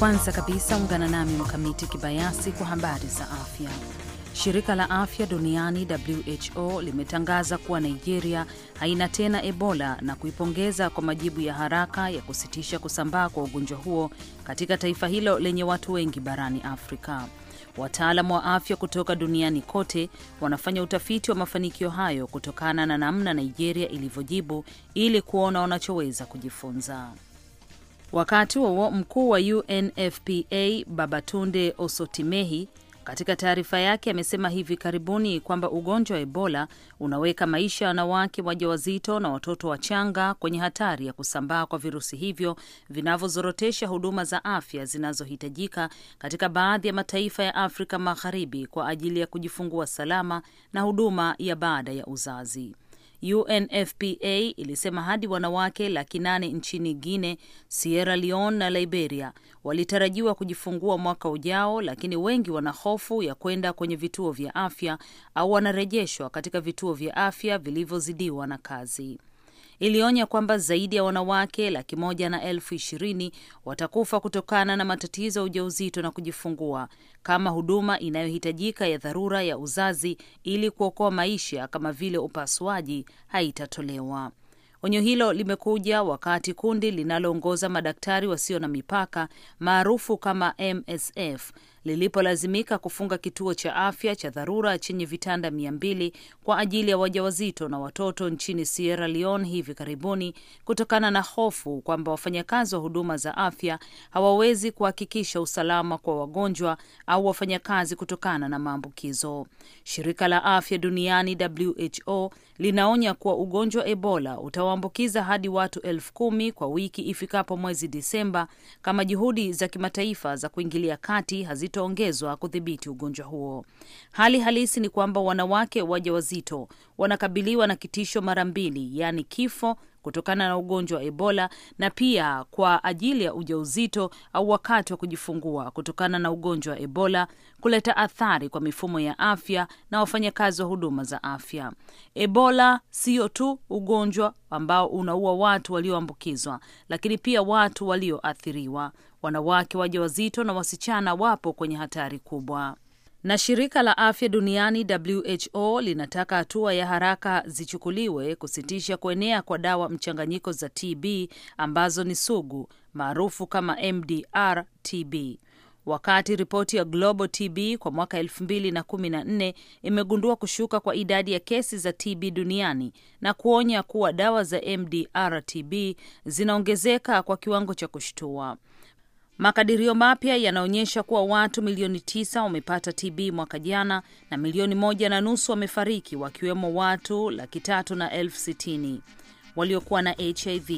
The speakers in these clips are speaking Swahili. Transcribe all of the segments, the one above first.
Kwanza kabisa ungana nami Mkamiti Kibayasi kwa habari za afya. Shirika la afya duniani WHO limetangaza kuwa Nigeria haina tena Ebola na kuipongeza kwa majibu ya haraka ya kusitisha kusambaa kwa ugonjwa huo katika taifa hilo lenye watu wengi barani Afrika. wataalam wa afya kutoka duniani kote wanafanya utafiti wa mafanikio hayo kutokana na namna Nigeria ilivyojibu ili kuona wanachoweza kujifunza. Wakati huo mkuu wa UNFPA Babatunde Osotimehi katika taarifa yake amesema hivi karibuni kwamba ugonjwa wa Ebola unaweka maisha ya wanawake wajawazito na watoto wachanga kwenye hatari ya kusambaa kwa virusi hivyo vinavyozorotesha huduma za afya zinazohitajika katika baadhi ya mataifa ya Afrika Magharibi kwa ajili ya kujifungua salama na huduma ya baada ya uzazi. UNFPA ilisema hadi wanawake laki nane nchini Guinea, Sierra Leone na Liberia walitarajiwa kujifungua mwaka ujao, lakini wengi wana hofu ya kwenda kwenye vituo vya afya au wanarejeshwa katika vituo vya afya vilivyozidiwa na kazi ilionya kwamba zaidi ya wanawake laki moja na elfu ishirini watakufa kutokana na matatizo ya ujauzito na kujifungua kama huduma inayohitajika ya dharura ya uzazi ili kuokoa maisha kama vile upasuaji haitatolewa. Onyo hilo limekuja wakati kundi linaloongoza madaktari wasio na mipaka maarufu kama MSF lilipolazimika kufunga kituo cha afya cha dharura chenye vitanda mia mbili kwa ajili ya wajawazito na watoto nchini Sierra Leone hivi karibuni kutokana na hofu kwamba wafanyakazi wa huduma za afya hawawezi kuhakikisha usalama kwa wagonjwa au wafanyakazi kutokana na maambukizo. Shirika la Afya Duniani WHO linaonya kuwa ugonjwa Ebola utawaambukiza hadi watu elfu kumi kwa wiki ifikapo mwezi Disemba kama juhudi za kimataifa za kuingilia kati hazitoongezwa kudhibiti ugonjwa huo. Hali halisi ni kwamba wanawake wajawazito wanakabiliwa na kitisho mara mbili, yaani kifo kutokana na ugonjwa wa Ebola na pia kwa ajili ya ujauzito au wakati wa kujifungua kutokana na ugonjwa wa Ebola kuleta athari kwa mifumo ya afya na wafanyakazi wa huduma za afya. Ebola sio tu ugonjwa ambao unaua watu walioambukizwa, lakini pia watu walioathiriwa. Wanawake wajawazito na wasichana wapo kwenye hatari kubwa na shirika la afya duniani WHO linataka hatua ya haraka zichukuliwe kusitisha kuenea kwa dawa mchanganyiko za TB ambazo ni sugu maarufu kama MDR TB. Wakati ripoti ya Global TB kwa mwaka 2014 imegundua kushuka kwa idadi ya kesi za TB duniani na kuonya kuwa dawa za MDR TB zinaongezeka kwa kiwango cha kushtua. Makadirio mapya yanaonyesha kuwa watu milioni tisa wamepata TB mwaka jana na milioni moja na nusu wamefariki, wakiwemo watu laki tatu na elfu sitini waliokuwa na HIV.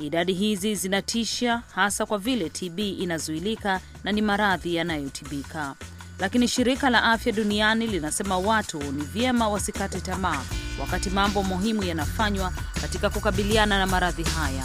Idadi hizi zinatisha hasa kwa vile TB inazuilika na ni maradhi yanayotibika, lakini shirika la afya duniani linasema watu ni vyema wasikate tamaa wakati mambo muhimu yanafanywa katika kukabiliana na maradhi haya.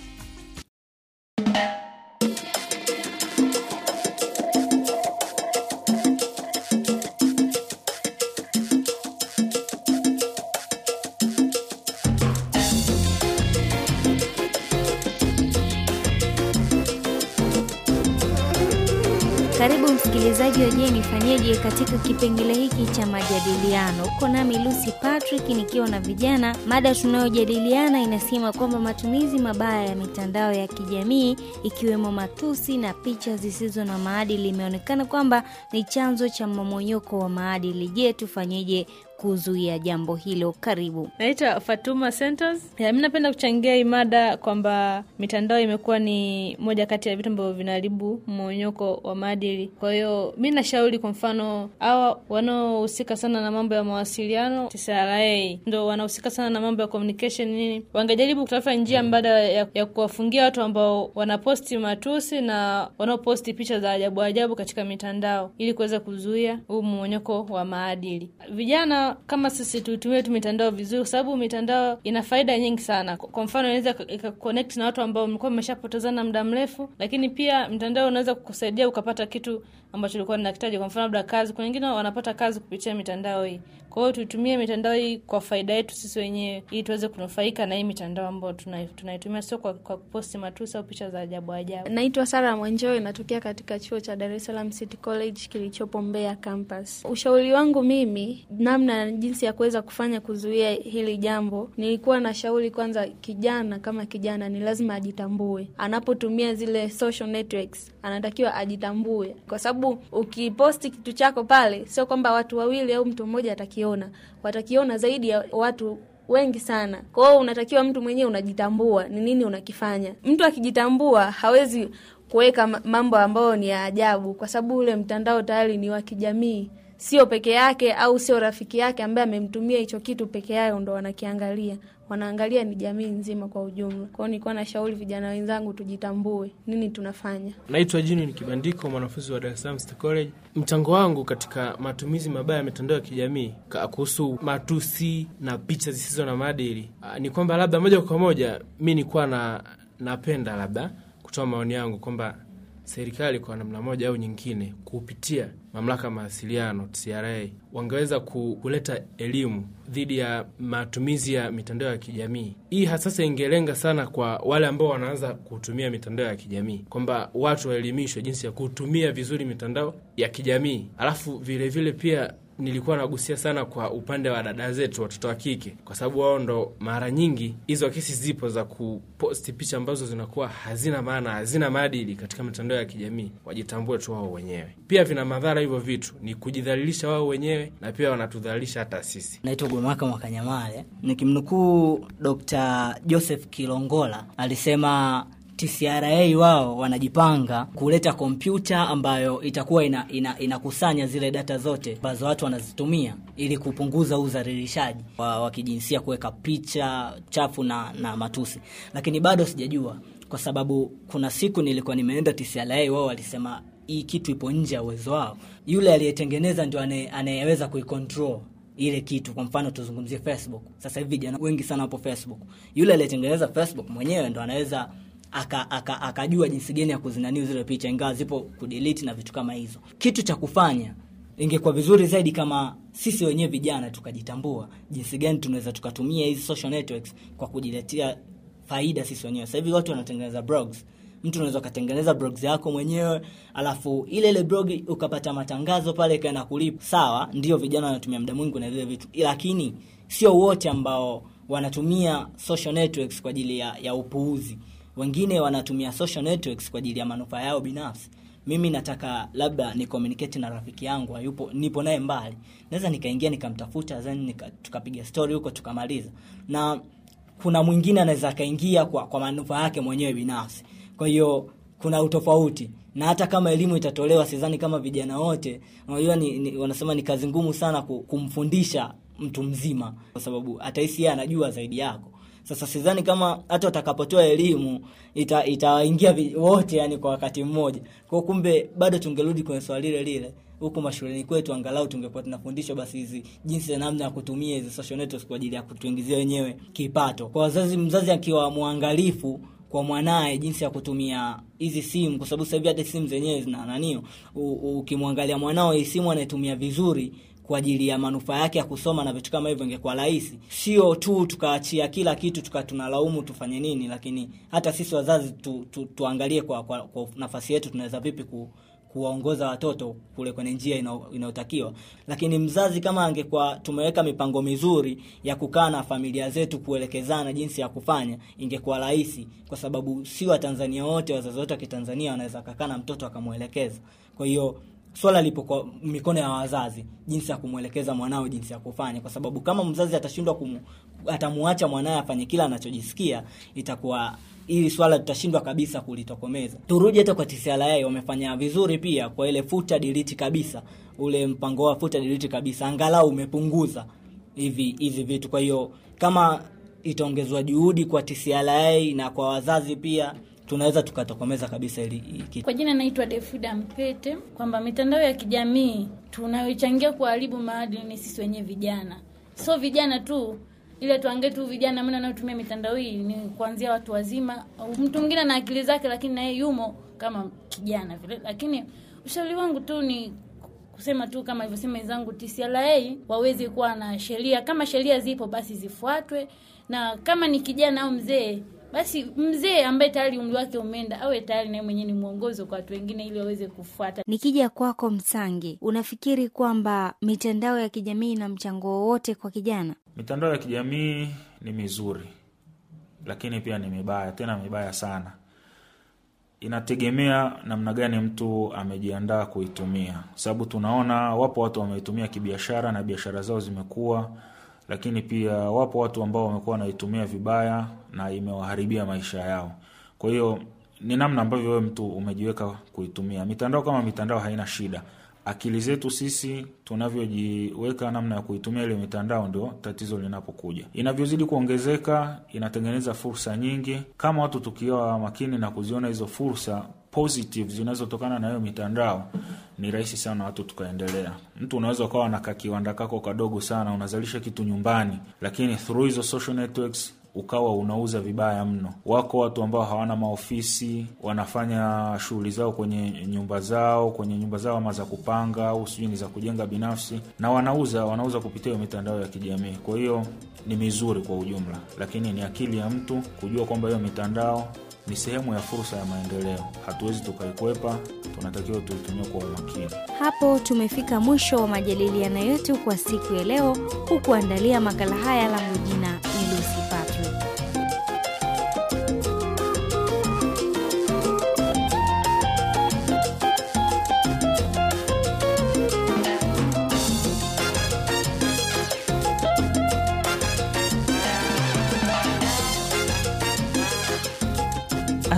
msikilizaji wa Je Nifanyeje katika kipengele hiki cha majadiliano. Uko nami Lucy Patrick nikiwa na vijana. Mada tunayojadiliana inasema kwamba matumizi mabaya ya mitandao ya kijamii ikiwemo matusi na picha zisizo na maadili imeonekana kwamba ni chanzo cha mmomonyoko wa maadili. Je, tufanyeje kuzuia jambo hilo. Karibu. Naitwa Fatuma Centers. Eh, mi napenda kuchangia imada kwamba mitandao imekuwa ni moja kati ya vitu ambavyo vinaharibu mmonyoko wa maadili. Kwa hiyo mi nashauri, kwa mfano, hawa wanaohusika sana na mambo ya mawasiliano TCRA ndo wanahusika sana na mambo ya communication nini, wangejaribu kutafuta njia mbadala ya, ya kuwafungia watu ambao wanaposti matusi na wanaoposti picha za ajabu ajabu katika mitandao ili kuweza kuzuia huu mmonyoko wa maadili. Vijana kama sisi tutumie tu mitandao vizuri, kwa sababu mitandao ina faida nyingi sana. Kwa mfano, inaweza ikakonekti na watu ambao mlikuwa mmeshapotezana muda mrefu, lakini pia mtandao unaweza kukusaidia ukapata kitu ambacho ulikuwa ninakitaji kwa mfano labda kazi. Kuna wengine wanapata kazi kupitia mitandao hii. Kwa hiyo tuitumie mitandao hii kwa faida yetu sisi wenyewe, ili tuweze kunufaika na hii mitandao ambayo tunaitumia tuna sio kwa, kwa kuposti matusi au picha za ajabu ajabu. Naitwa Sara Mwenjeo, inatokea katika chuo cha Dar es Salaam City College kilichopo Mbeya campus. Ushauri wangu mimi, namna na jinsi ya kuweza kufanya kuzuia hili jambo, nilikuwa na shauri kwanza, kijana kama kijana ni lazima ajitambue anapotumia zile social networks, anatakiwa ajitambue kwa sababu sababu ukiposti kitu chako pale, sio kwamba watu wawili au mtu mmoja atakiona, watakiona zaidi ya watu wengi sana. Kwa hiyo unatakiwa mtu mwenyewe unajitambua ni nini unakifanya. Mtu akijitambua hawezi kuweka mambo ambayo ni ya ajabu, kwa sababu ule mtandao tayari ni wa kijamii, sio peke yake au sio rafiki yake ambaye amemtumia hicho kitu peke yao ndo wanakiangalia wanaangalia ni jamii nzima kwa ujumla. Kwao nilikuwa na shauri vijana wenzangu tujitambue, nini tunafanya. Naitwa Jini ni Kibandiko, mwanafunzi wa Dar es Salaam State College. Mchango wangu katika matumizi mabaya ya mitandao ya kijamii kuhusu matusi na picha zisizo na maadili ni kwamba labda moja kwa moja mi nikuwa na napenda labda kutoa maoni yangu kwamba serikali kwa namna moja au nyingine kupitia mamlaka ya mawasiliano TCRA wangeweza kuleta elimu dhidi ya matumizi ya mitandao ya kijamii. Hii hasasa ingelenga sana kwa wale ambao wanaanza kutumia mitandao ya kijamii, kwamba watu waelimishwe jinsi ya kutumia vizuri mitandao ya kijamii, alafu vilevile vile pia nilikuwa nagusia sana kwa upande wa dada zetu, watoto wa kike, kwa sababu wao ndo mara nyingi hizo kesi zipo za kuposti picha ambazo zinakuwa hazina maana, hazina maadili katika mitandao ya kijamii. Wajitambue tu wao wenyewe. Pia vina madhara hivyo vitu, ni kujidhalilisha wao wenyewe na pia wanatudhalilisha hata sisi. Naitwa Gwamaka Mwakanyamale, nikimnukuu Dr. Joseph Kilongola alisema TCRA wao wanajipanga kuleta kompyuta ambayo itakuwa inakusanya ina, ina zile data zote ambazo watu wanazitumia ili kupunguza udhalilishaji wa, wa kijinsia, kuweka picha chafu na, na matusi, lakini bado sijajua kwa sababu kuna siku nilikuwa nimeenda TCRA, wao walisema hii kitu ipo nje ya uwezo wao. Yule aliyetengeneza ndio anayeweza kuicontrol ile kitu. Kwa mfano tuzungumzie Facebook, sasa hivi vijana wengi sana wapo Facebook. Yule aliyetengeneza Facebook mwenyewe ndo anaweza akajua aka, aka jinsi gani ya kuzinani zile picha, ingawa zipo kudelete na vitu kama hizo. Kitu cha kufanya ingekuwa vizuri zaidi kama sisi wenyewe vijana tukajitambua jinsi gani tunaweza tukatumia hizi social networks kwa kujiletea faida sisi wenyewe. Sasa hivi watu wanatengeneza blogs. Mtu unaweza kutengeneza blogs yako mwenyewe, alafu ile ile blog ukapata matangazo pale kana kulipa. Sawa, ndio vijana wanatumia muda mwingi na vile vitu. Lakini sio wote ambao wanatumia social networks kwa ajili ya, ya upuuzi. Wengine wanatumia social networks kwa ajili ya manufaa yao binafsi. Mimi nataka labda ni communicate na rafiki yangu hayupo, nipo naye mbali, naweza nikaingia nikamtafuta, then nika, tukapiga story huko tukamaliza. Na kuna mwingine anaweza akaingia kwa, kwa manufaa yake mwenyewe binafsi. Kwa hiyo kuna utofauti na hata kama elimu itatolewa, sidhani kama vijana wote unajua ni, ni, wanasema ni kazi ngumu sana kumfundisha mtu mzima, kwa sababu hata hisi yeye anajua zaidi yako. Sasa sidhani kama hata watakapotoa elimu ita, wote yani kwa wakati mmoja. Kwa kumbe bado tungerudi kwenye swali lile lile huku mashuleni kwetu, angalau tungekuwa tunafundishwa basi hizi jinsi ya namna ya kutumia hizi social networks kwa ajili ya kutuingizia wenyewe kipato. Kwa wazazi, mzazi akiwa mwangalifu kwa mwanaye jinsi ya kutumia hizi simu, kwa sababu sahivi hata simu zenyewe zina nanio, ukimwangalia mwanao hii simu anaitumia vizuri kwa ajili ya manufaa yake ya kusoma na vitu kama hivyo, ingekuwa rahisi. Sio tu tukaachia kila kitu tuka tunalaumu tufanye nini, lakini hata sisi wazazi tu, tu, tuangalie kwa, kwa, kwa nafasi yetu tunaweza vipi ku, kuwaongoza watoto kule kwenye njia inayotakiwa. Lakini mzazi kama angekuwa tumeweka mipango mizuri ya kukaa na familia zetu kuelekezana jinsi ya kufanya, ingekuwa rahisi, kwa sababu si Watanzania wote, wazazi wote wa Kitanzania wanaweza kakaa na mtoto akamwelekeza. Kwa hiyo swala lipo kwa mikono ya wazazi, jinsi ya kumwelekeza mwanao jinsi ya kufanya, kwa sababu kama mzazi atashindwa kum atamuacha mwanaye afanye kila anachojisikia, itakuwa ili swala tutashindwa kabisa kulitokomeza. Turudi hata kwa TCRA, wamefanya vizuri pia kwa ile futa delete kabisa, ule mpango wa futa delete kabisa, angalau umepunguza hivi hizi vitu. Kwa hiyo kama itaongezwa juhudi kwa TCRA na kwa wazazi pia tunaweza tukatokomeza kabisa ili, kitu. Kwa jina naitwa Defuda Mpete, kwamba mitandao ya kijamii tunayochangia kuharibu maadili ni sisi wenyewe vijana, sio vijana tu ile tuange tu vijana, maana anayotumia mitandao hii ni kuanzia watu wazima, mtu mwingine na akili zake, lakini naye yumo kama kijana vile. Lakini ushauri wangu tu ni kusema tu kama alivyosema wenzangu TCRA, waweze kuwa na sheria. Kama sheria zipo basi zifuatwe, na kama ni kijana au mzee basi mzee ambaye tayari umri wake umeenda awe tayari naye mwenyewe ni mwongozo kwa watu wengine ili waweze kufuata. Nikija kwako Msangi, unafikiri kwamba mitandao ya kijamii ina mchango wowote kwa kijana? Mitandao ya kijamii ni mizuri, lakini pia ni mibaya, tena mibaya sana. Inategemea namna gani mtu amejiandaa kuitumia, kwa sababu tunaona wapo watu wameitumia kibiashara na biashara zao zimekuwa lakini pia wapo watu ambao wamekuwa wanaitumia vibaya na imewaharibia maisha yao. Kwa hiyo ni namna ambavyo wewe mtu umejiweka kuitumia mitandao. Kama mitandao haina shida, akili zetu sisi tunavyojiweka namna ya kuitumia ile mitandao, ndio tatizo linapokuja. Inavyozidi kuongezeka, inatengeneza fursa nyingi. Kama watu tukiwa makini na kuziona hizo fursa positive zinazotokana na hiyo mitandao ni rahisi sana watu tukaendelea. Mtu unaweza ukawa na kakiwanda kako kadogo sana, unazalisha kitu nyumbani, lakini through hizo social networks ukawa unauza vibaya mno. Wako watu ambao hawana maofisi, wanafanya shughuli zao kwenye nyumba zao, kwenye nyumba zao ama za kupanga au sijui ni za kujenga binafsi, na wanauza wanauza kupitia hiyo mitandao ya kijamii. Kwa hiyo ni mizuri kwa ujumla, lakini ni akili ya mtu kujua kwamba hiyo mitandao ni sehemu ya fursa ya maendeleo, hatuwezi tukaikwepa, tunatakiwa tuitumie kwa umakini. Hapo tumefika mwisho wa majadiliano yetu kwa siku ya leo. Hukuandalia makala haya, la mujina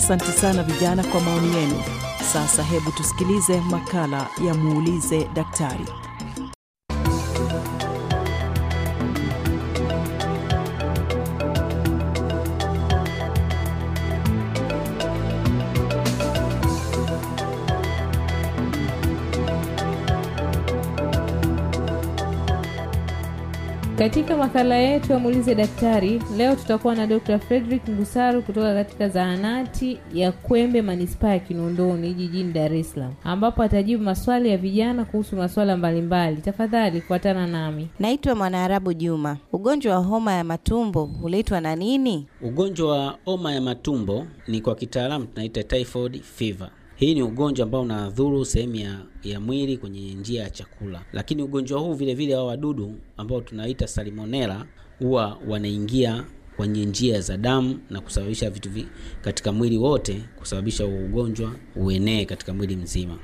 Asante sana vijana kwa maoni yenu. Sasa hebu tusikilize makala ya muulize daktari. Katika makala yetu ya muulize daktari leo tutakuwa na Dr. Frederick Ngusaru kutoka katika zahanati ya Kwembe manispaa ya Kinondoni jijini Dar es Salaam, ambapo atajibu maswali ya vijana kuhusu masuala mbalimbali. Tafadhali kufuatana nami. Naitwa Mwanaarabu Juma. Ugonjwa wa homa ya matumbo huletwa na nini? Ugonjwa wa homa ya matumbo ni kwa kitaalamu tunaita typhoid fever. Hii ni ugonjwa ambao unadhuru sehemu ya, ya mwili kwenye njia ya chakula, lakini ugonjwa huu vile vile hao wadudu ambao tunaita salmonella huwa wanaingia kwenye njia za damu na kusababisha vitu vi, katika mwili wote kusababisha ugonjwa uenee katika mwili mzima.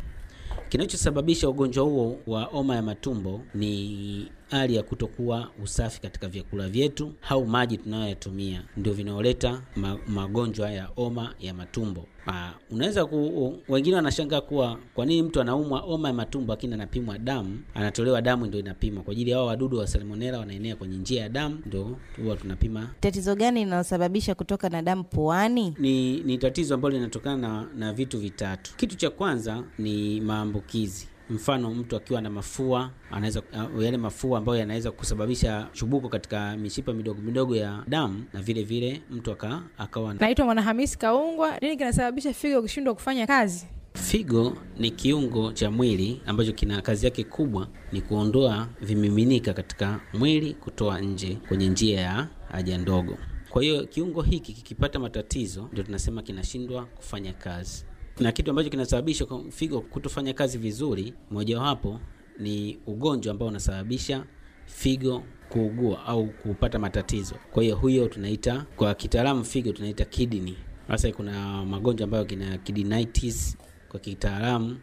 Kinachosababisha ugonjwa huo wa homa ya matumbo ni hali ya kutokuwa usafi katika vyakula vyetu au maji tunayoyatumia, ndio vinaoleta magonjwa ya homa ya matumbo. Ah, unaweza ku, wengine wanashangaa kuwa kwa nini mtu anaumwa homa ya matumbo lakini anapimwa damu, anatolewa damu ndio inapimwa kwa ajili ya hao wadudu wa salmonella wanaenea kwenye njia ya damu, ndio huwa tunapima. Tatizo gani linalosababisha kutoka na damu puani? Ni, ni tatizo ambalo linatokana na, na vitu vitatu. Kitu cha kwanza ni maambukizi Mfano, mtu akiwa na mafua anaweza uh, yale mafua ambayo yanaweza kusababisha chubuko katika mishipa midogo midogo ya damu, na vile vile mtu aka, akawa naitwa Mwanahamisi Kaungwa. Nini kinasababisha figo kushindwa kufanya kazi? Figo ni kiungo cha mwili ambacho kina kazi yake kubwa ni kuondoa vimiminika katika mwili kutoa nje kwenye njia ya haja ndogo. Kwa hiyo kiungo hiki kikipata matatizo, ndio tunasema kinashindwa kufanya kazi na kitu ambacho kinasababisha figo kutofanya kazi vizuri, mojawapo ni ugonjwa ambao unasababisha figo kuugua au kupata matatizo. Kwa hiyo huyo tunaita kwa kitaalamu figo tunaita kidney. Sasa kuna magonjwa ambayo kina kidinitis kwa kitaalamu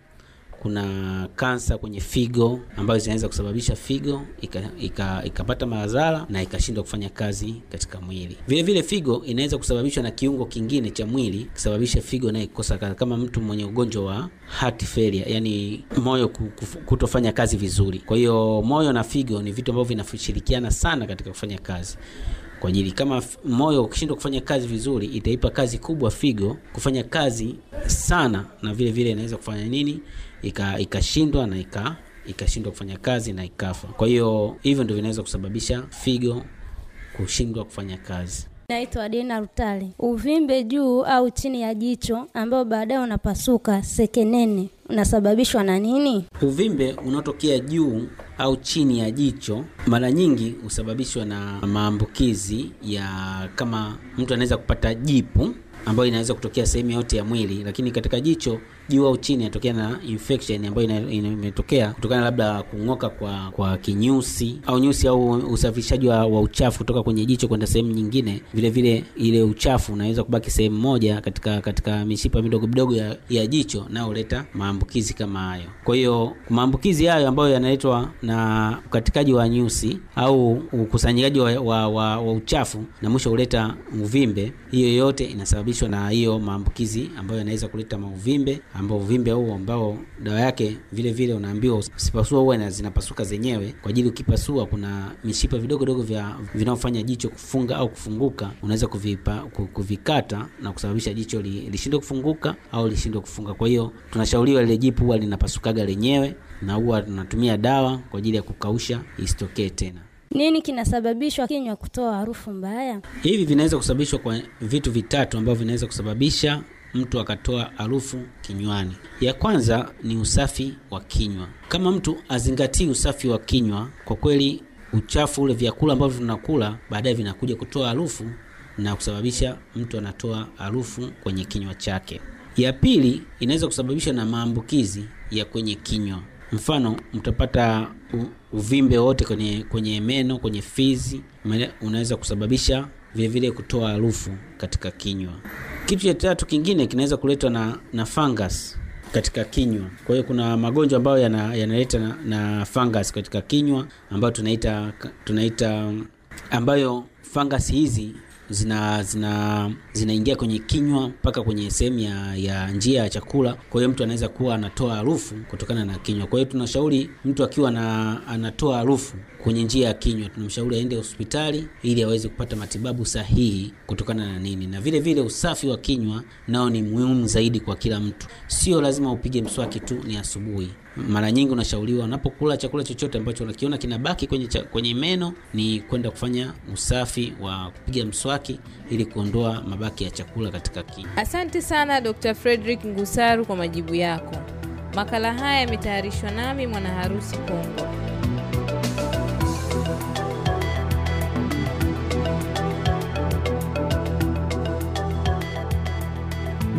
kuna kansa kwenye figo ambayo zinaweza kusababisha figo ikapata ika, ika madhara na ikashindwa kufanya kazi katika mwili. Vile vile figo inaweza kusababishwa na kiungo kingine cha mwili kusababisha figo nayo kukosa kazi, kama mtu mwenye ugonjwa wa heart failure, yani moyo kutofanya kazi vizuri. Kwa hiyo moyo na figo ni vitu ambavyo vinashirikiana sana katika kufanya kazi kwa ajili kama moyo ukishindwa kufanya kazi vizuri, itaipa kazi kubwa figo kufanya kazi sana, na vile vile inaweza kufanya nini ikashindwa ika na ika ikashindwa kufanya kazi na ikafa. Kwa hiyo hivyo ndio vinaweza kusababisha figo kushindwa kufanya kazi. Naitwa Dina Rutale. Uvimbe juu au chini ya jicho ambao baadaye unapasuka sekenene unasababishwa na nini? Uvimbe unaotokea juu au chini ya jicho mara nyingi husababishwa na maambukizi ya, kama mtu anaweza kupata jipu ambayo inaweza kutokea sehemu yote ya mwili, lakini katika jicho juu au chini inatokea na infection ambayo imetokea kutokana labda kung'oka kwa, kwa kinyusi au nyusi au usafirishaji wa, uchafu kutoka kwenye jicho kwenda sehemu nyingine. Vile vile ile uchafu unaweza kubaki sehemu moja katika katika mishipa midogo midogo ya, ya jicho na huleta maambukizi kama hayo. Kwa hiyo maambukizi hayo ambayo yanaletwa na ukatikaji wa nyusi au ukusanyaji wa, wa, wa, wa uchafu na mwisho huleta uvimbe, hiyo yote inasababishwa na hiyo maambukizi ambayo yanaweza kuleta mauvimbe ambao uvimbe huo ambao dawa yake vile vile unaambiwa usipasua huwa na zinapasuka zenyewe, kwa ajili ukipasua, kuna mishipa vidogodogo vya vinaofanya jicho kufunga au kufunguka, unaweza kuvipa kuvikata na kusababisha jicho li, lishindwe kufunguka au lishindwe kufunga. Kwa hiyo tunashauriwa lile jipu huwa linapasukaga lenyewe, na huwa tunatumia dawa kwa ajili ya kukausha isitokee tena. Nini kinasababishwa kinywa kutoa harufu mbaya? Hivi vinaweza kusababishwa kwa vitu vitatu ambavyo vinaweza kusababisha mtu akatoa harufu kinywani. Ya kwanza ni usafi wa kinywa. Kama mtu azingatii usafi wa kinywa, kwa kweli uchafu ule, vyakula ambavyo tunakula baadaye vinakuja kutoa harufu na kusababisha mtu anatoa harufu kwenye kinywa chake. Ya pili inaweza kusababishwa na maambukizi ya kwenye kinywa. Mfano, mtapata uvimbe wote kwenye kwenye meno, kwenye fizi, unaweza kusababisha vilevile kutoa harufu katika kinywa. Kitu cha tatu kingine kinaweza kuletwa na, na fungus katika kinywa. Kwa hiyo kuna magonjwa ambayo yanaleta yana na, na fungus katika kinywa ambayo tunaita tunaita ambayo fungus hizi zina zina zinaingia kwenye kinywa mpaka kwenye sehemu ya, ya njia ya chakula. Kwa hiyo mtu anaweza kuwa anatoa harufu kutokana na kinywa. Kwa hiyo tunashauri mtu akiwa na, anatoa harufu kwenye njia ya kinywa, tunamshauri aende hospitali ili aweze kupata matibabu sahihi kutokana na nini. Na vile vile usafi wa kinywa nao ni muhimu zaidi kwa kila mtu. Sio lazima upige mswaki tu ni asubuhi. Mara nyingi unashauriwa unapokula chakula chochote ambacho unakiona kinabaki kwenye, cha, kwenye meno ni kwenda kufanya usafi wa kupiga mswaki ili kuondoa mabaki ya chakula katika kinywa. Asante sana Dr. Frederick Ngusaru kwa majibu yako. Makala haya yametayarishwa nami mwana harusi kongo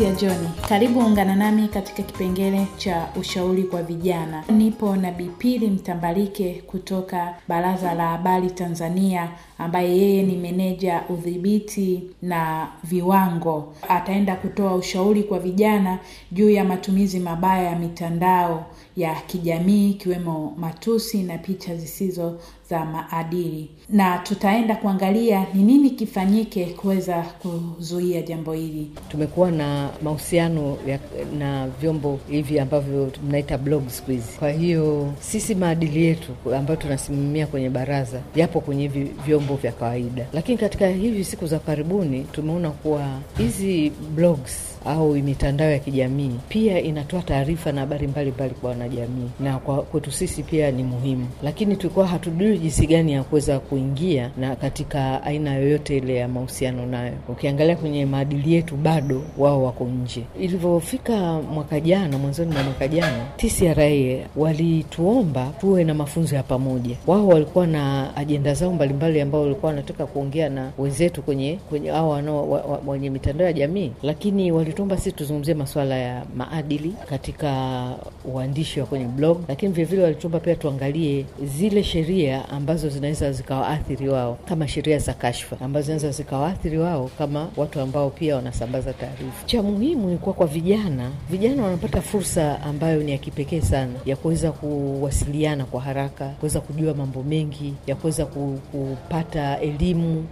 ya John. Karibu ungana nami katika kipengele cha ushauri kwa vijana. Nipo na Bipili Mtambalike kutoka Baraza la Habari Tanzania ambaye yeye ni meneja udhibiti na viwango. Ataenda kutoa ushauri kwa vijana juu ya matumizi mabaya ya mitandao ya kijamii ikiwemo matusi na picha zisizo za maadili, na tutaenda kuangalia ni nini kifanyike kuweza kuzuia jambo hili. Tumekuwa na mahusiano na vyombo hivi ambavyo mnaita blog Kwa hiyo sisi maadili yetu ambayo tunasimamia kwenye baraza yapo kwenye hivi vyombo vya kawaida, lakini katika hivi siku za karibuni tumeona kuwa hizi blogs au mitandao ya kijamii pia inatoa taarifa na habari mbalimbali kwa wanajamii, na kwa kwetu sisi pia ni muhimu, lakini tulikuwa hatujui jinsi gani ya kuweza kuingia na katika aina yoyote ile ya mahusiano nayo. Ukiangalia kwenye maadili yetu bado wao wako nje. Ilivyofika mwaka jana, mwanzoni mwa mwaka jana, TCRA walituomba tuwe na mafunzo ya pamoja. Wao walikuwa na ajenda zao mbalimbali, ambao walikuwa wanataka kuongea na wenzetu kwenye kwenye wanao wenye mitandao ya jamii, lakini walituomba sisi tuzungumzie masuala ya maadili katika uandishi wa kwenye blog, lakini vilevile walituomba pia tuangalie zile sheria ambazo zinaweza zikawaathiri wao kama sheria za kashfa ambazo zinaweza zikawaathiri wao kama watu ambao pia wanasambaza taarifa. Cha muhimu ni kuwa kwa vijana, vijana wanapata fursa ambayo ni ya kipekee sana ya kuweza kuwasiliana kwa haraka, kuweza kujua mambo mengi, ya kuweza kupata elimu.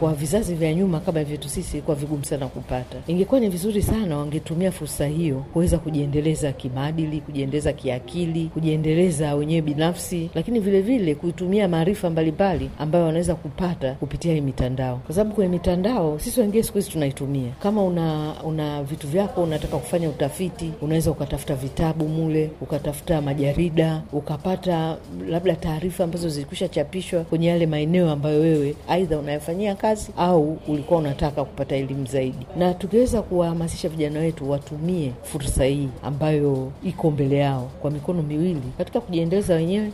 Kwa vizazi vya nyuma kama vyetu sisi ilikuwa vigumu sana kupata. Ingekuwa ni vizuri sana wangetumia fursa hiyo kuweza kujiendeleza kimaadili, kujiendeleza kiakili, kujiendeleza wenyewe binafsi, lakini vilevile vile kutumia maarifa mbalimbali ambayo wanaweza kupata kupitia hii mitandao, kwa sababu kwenye mitandao sisi wengine siku hizi tunaitumia. Kama una una vitu vyako unataka kufanya utafiti, unaweza ukatafuta vitabu mule, ukatafuta majarida, ukapata labda taarifa ambazo zilikusha chapishwa kwenye yale maeneo ambayo wewe aidha unayofanyia kazi au ulikuwa unataka kupata elimu zaidi. Na tukiweza kuwahamasisha vijana wetu watumie fursa hii ambayo iko mbele yao kwa mikono miwili katika kujiendeleza wenyewe,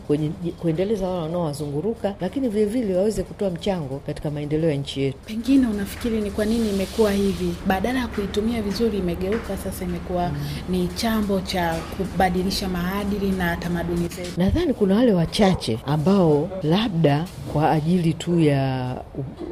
kuendeleza wale wanaowazunguruka, lakini vilevile waweze kutoa mchango katika maendeleo ya nchi yetu. Pengine unafikiri ni kwa nini imekuwa hivi? Badala ya kuitumia vizuri, imegeuka sasa, imekuwa mm, ni chambo cha kubadilisha maadili na tamaduni zetu. Nadhani kuna wale wachache ambao labda kwa ajili tu ya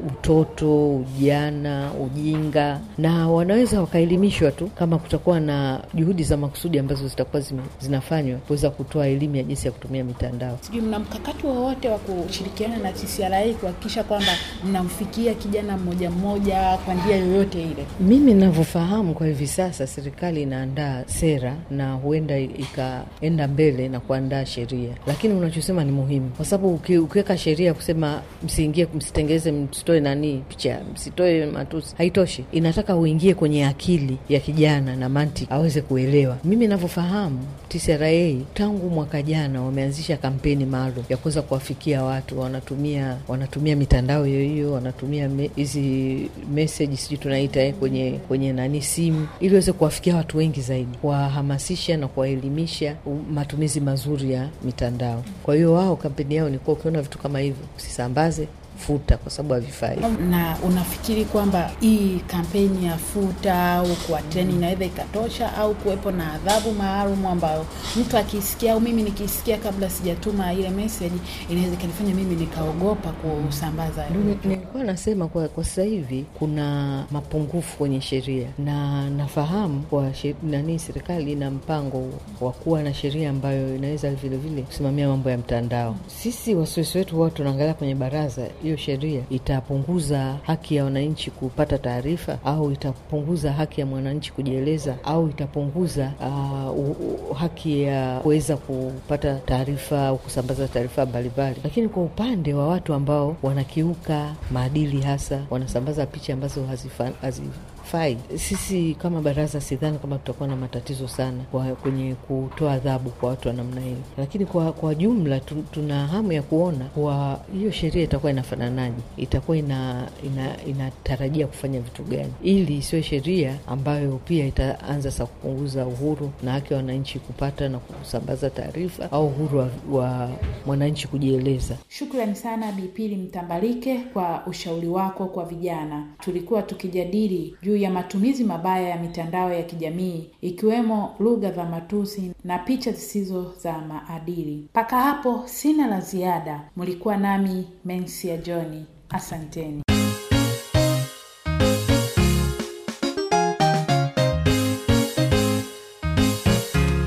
utoto, ujana, ujinga, na wanaweza wakaelimishwa tu kama kutakuwa na juhudi za makusudi ambazo zitakuwa zinafanywa kuweza kutoa elimu ya jinsi ya kutumia mitandao. Sijui mna mkakati wowote wote wa kushirikiana na TCRA kuhakikisha kwamba mnamfikia kijana mmoja mmoja kwa njia yoyote ile. Mimi ninavyofahamu kwa hivi sasa, serikali inaandaa sera na huenda ikaenda mbele na kuandaa sheria, lakini unachosema ni muhimu, kwa sababu ukiweka sheria kusema msiingie, msitengeze, msitoe nani picha, msitoe matusi, haitoshi. Inataka uingie kwenye akili ya kijana na mantiki aweze kuelewa. Mimi ninavyofahamu TCRA tangu mwaka jana wameanzisha kampeni maalum ya kuweza kwa kuwafikia watu, wanatumia wanatumia mitandao hiyo hiyo, wanatumia hizi me, meseji sijui tunaita eh, kwenye kwenye nani simu, ili weze kuwafikia watu wengi zaidi, kuwahamasisha na kuwaelimisha matumizi mazuri ya mitandao. Kwa hiyo wao kampeni yao nikuwa ukiona vitu kama hivyo usisambaze, futa kwa sababu havifai. Na unafikiri kwamba hii kampeni ya futa au kuwa treni inaweza ikatosha au kuwepo na adhabu maalum ambayo mtu akisikia au mimi nikisikia kabla sijatuma ile message inaweza ikanifanya mimi nikaogopa kusambaza? Nilikuwa nasema kwa, kwa sasa hivi kuna mapungufu kwenye sheria na nafahamu kwa nani serikali ina mpango wa kuwa na sheria ambayo inaweza vilevile kusimamia mambo ya mtandao. Sisi wasiwasi wetu huwa tunaangalia kwenye baraza hiyo sheria itapunguza haki ya wananchi kupata taarifa au itapunguza haki ya mwananchi kujieleza au itapunguza uh, uh, haki ya kuweza kupata taarifa au kusambaza taarifa mbalimbali. Lakini kwa upande wa watu ambao wanakiuka maadili, hasa wanasambaza picha ambazo hazifa, hazifa hakufai. Sisi kama baraza, sidhani kama tutakuwa na matatizo sana kwa kwenye kutoa adhabu kwa watu wa namna hiyo, lakini kwa, kwa jumla tu, tuna hamu ya kuona kwa hiyo sheria itakuwa inafananaje, itakuwa ina, ina, inatarajia kufanya vitu gani, ili isiwe sheria ambayo pia itaanza sa kupunguza uhuru na haki ya wananchi kupata na kusambaza taarifa au uhuru wa, wa mwananchi kujieleza. Shukrani sana Bipili Mtambalike kwa ushauri wako kwa vijana. Tulikuwa tukijadili juu ya matumizi mabaya ya mitandao ya kijamii ikiwemo lugha za matusi na picha zisizo za maadili. Mpaka hapo sina la ziada. Mlikuwa nami Mensia johni asanteni.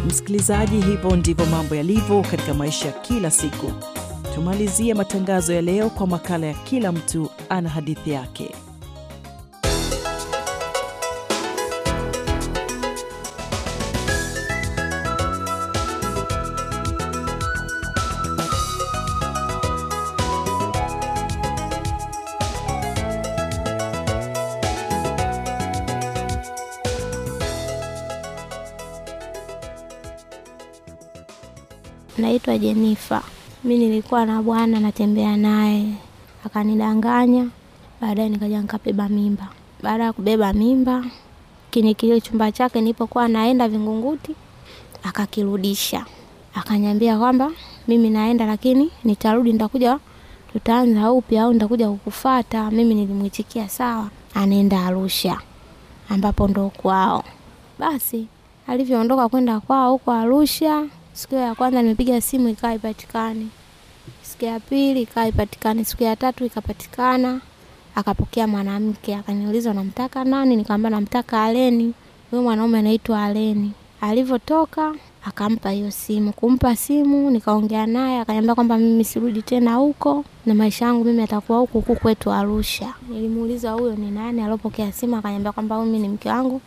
Msikilizaji, hivyo ndivyo mambo yalivyo katika maisha ya kila siku. Tumalizie matangazo ya leo kwa makala ya kila mtu ana hadithi yake. naitwa Jenifa. Mi nilikuwa na bwana natembea naye, akanidanganya, baadaye nikaja nikabeba mimba. Baada ya kubeba mimba, kile chumba chake nilipokuwa naenda Vingunguti akakirudisha, akanyambia kwamba mimi naenda, lakini nitarudi, nitakuja tutaanza upya au nitakuja kukufata. Mimi nilimwitikia sawa, anaenda Arusha ambapo ndo kwao. Basi alivyoondoka kwenda kwao huko Arusha Siku ya kwanza nimepiga simu ikawa ipatikani, siku ya pili ikawa ipatikani, siku ya tatu ikapatikana. Akapokea mwanamke akaniuliza, namtaka nani? Nikamwambia namtaka Aleni. Huyo mwanaume anaitwa Aleni. Alivyotoka akampa hiyo simu. Kumpa simu, nikaongea naye, akaniambia kwamba mimi sirudi tena huko na maisha yangu mimi atakuwa huko huku kwetu Arusha. Nilimuuliza huyo ni nani alopokea simu, akaniambia kwamba mimi ni mke wangu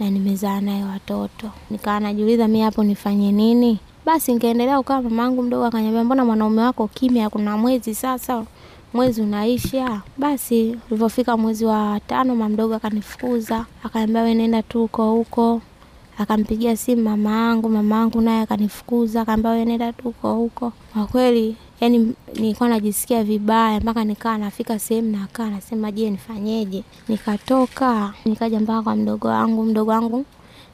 na nimezaa naye watoto. Nikaa najiuliza mi hapo nifanye nini? Basi nikaendelea kukaa, mamangu mdogo akaniambia, mbona mwanaume wako kimya? Kuna mwezi sasa, mwezi unaisha. Basi ulipofika mwezi wa tano, mama mdogo akanifukuza, akaniambia wewe nenda tu huko huko. Akampigia simu mama yangu, mama yangu naye akanifukuza, akaambia wewe nenda tu huko huko. Kwa kweli yani nilikuwa najisikia vibaya mpaka nikaa nafika sehemu nakaa nasema, je, nifanyeje? Nikatoka nikaja mpaka kwa mdogo wangu, mdogo wangu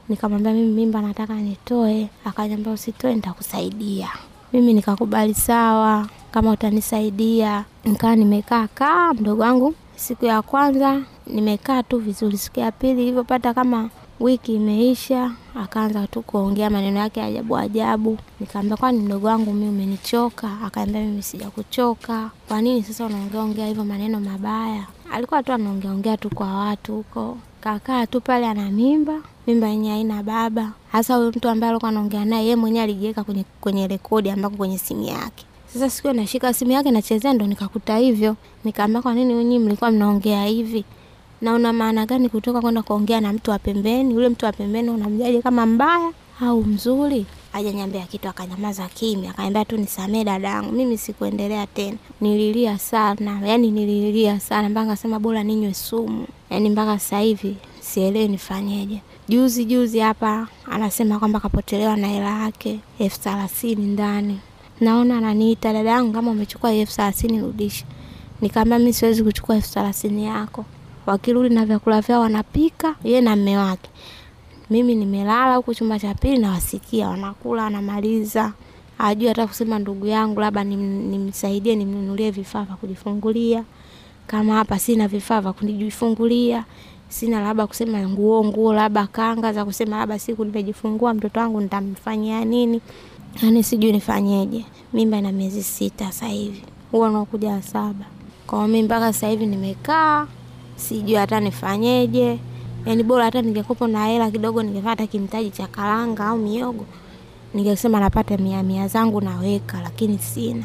nikamwambia mimi mimba nataka nitoe. Akaniambia usitoe, nitakusaidia. Mimi nikakubali sawa, kama utanisaidia. Nikaa nimekaa kaa, mdogo wangu, siku ya kwanza nimekaa tu vizuri, siku ya pili ilivyopata kama wiki imeisha, akaanza tu kuongea maneno yake ajabu ajabu. Nikaambia, kwani mdogo wangu mi umenichoka? Akaambia, mimi sijakuchoka. Kwa nini sasa unaongea ongea hivyo maneno mabaya? Alikuwa tu anaongeaongea tu kwa watu huko. Kakaa tu pale ana mimba mimba yenye haina baba. Hasa huyo mtu ambaye alikuwa anaongea naye yeye mwenyewe alijiweka kwenye, kwenye rekodi ambako kwenye simu yake. Sasa siku nashika simu yake nachezea, ndo nikakuta hivyo. Nikaambia, kwa nini nyinyi mlikuwa mnaongea hivi na una maana gani kutoka kwenda kuongea na mtu wa pembeni? Yule mtu wa pembeni unamjaje kama mbaya au mzuri? Hajaniambia kitu, akanyamaza kimya, akaniambia tu nisamee dadangu. Mimi sikuendelea tena, nililia sana, yani nililia sana mpaka nasema bora ninywe sumu, yani mpaka sasa hivi sielewi nifanyeje. Juzi juzi hapa anasema kwamba kapotelewa na hela yake elfu thelathini ndani. Naona ananiita dada yangu, kama umechukua elfu thelathini rudisha. Nikamwambia mimi siwezi kuchukua elfu thelathini yako. Wakirudi na vyakula vyao wanapika ye na mme wake, mimi nimelala huko chumba cha pili, nawasikia wanakula wanamaliza. ajui hata kusema ndugu yangu, labda nimsaidie, nimnunulie vifaa vya kujifungulia, kama hapa sina vifaa vya kujifungulia sina labda kusema nguo nguo, labda kanga za kusema labda siku nimejifungua mtoto wangu nitamfanyia nini, yani sijui nifanyeje. Mimba ina miezi sita sasa hivi, huo nakuja saba. Kwa mimi mpaka sasa hivi nimekaa sijui hata nifanyeje. yani bora hata ningekopa na hela kidogo, ningepata kimtaji cha karanga au miogo, ningesema napata mia mia zangu naweka, lakini sina.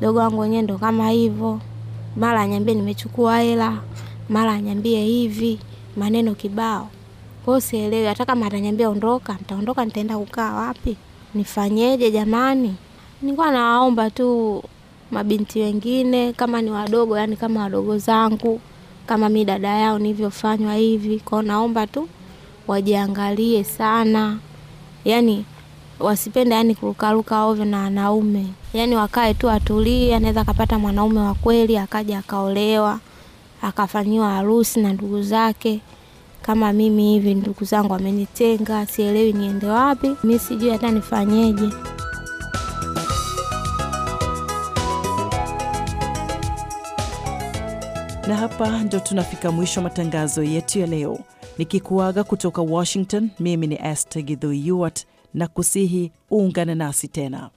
Dogo wangu wenyewe ndo kama hivyo, mara anyambie nimechukua hela mara anyambie hivi, maneno kibao. kwao, sielewi, hata kama ataniambia ondoka, nitaondoka, nitaenda kukaa wapi? Nifanyeje jamani? Nilikuwa nawaomba tu mabinti wengine kama ni wadogo, yani kama wadogo zangu, kama mi dada yao nilivyofanywa hivi. Kwao naomba tu wajiangalie sana, yani wasipende yani kurukaruka ovyo na wanaume, yani wakae tu atulie. Anaweza akapata mwanaume wa kweli akaja akaolewa akafanyiwa harusi na ndugu zake kama mimi hivi, ndugu zangu amenitenga, sielewi niende wapi, mi sijui hata nifanyeje. Na hapa ndo tunafika mwisho matangazo yetu ya leo, nikikuaga kutoka Washington. Mimi ni Esther Githui na kusihi uungane nasi tena.